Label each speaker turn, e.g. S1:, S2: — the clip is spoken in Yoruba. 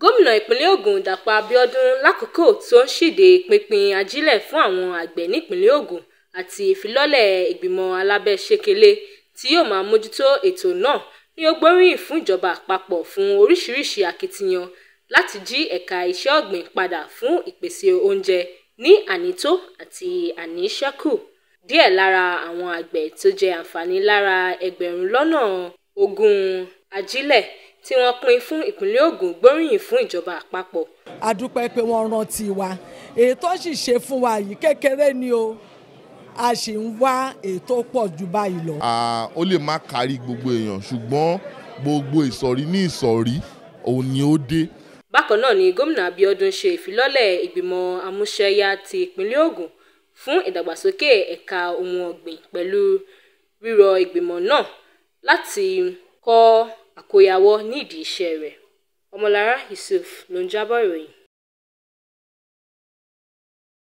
S1: gómìnà ìpínlẹ̀ ogun dàpọ̀ abiodun lákòókò tó ń ṣíde pinpin ajílẹ̀ fún àwọn àgbẹ̀ nípìnlẹ̀ ogun àti ìfilọ́lẹ̀ ìgbìmọ̀ alábẹ́sẹ̀kẹlé tí yóò máa mójútó ètò náà ni ó gbóríyìn fún ìjọba àpapọ̀ fún oríṣiríṣi akitiyan láti jí ẹ̀ka iṣẹ́ ọ̀gbìn padà fún ìpèsè oúnjẹ ní ànító àti àníṣẹ́kù díẹ̀ lára àwọn àgbẹ̀ tó jẹ àǹfààní lára ẹgbẹ̀rún lọ́nà ogún ajílẹ̀ tí wọ́n pín fún ìpínlẹ̀ Ògùn gbóríyìn fún ìjọba àpapọ̀.
S2: a dúpẹ́ pé wọ́n rántí wa ètò sì ṣe fún wa yìí kékeré ni o a sì ń wá ètò pọ̀ ju báyìí lọ.
S3: ó lè má kárí gbogbo èèyàn ṣùgbọ́n gbogbo ìsọ̀rí ní ìsọ̀rí òun ni ó dé.
S1: bákan náà ni gómìnà Abíọ́dún ṣe ìfilọ́lẹ̀ ìgbìmọ̀ amúṣẹ́yá ti ìpínlẹ̀ Ògùn fún ìdàgbàsókè ẹ̀ka ohun ọ̀gbìn pẹ̀lú rírọ ìgbìmọ̀ náà láti kọ́ kò yàwọ nídìí iṣẹ́ rẹ̀ ọmọlára yusuf ló ń jábọ̀ ìròyìn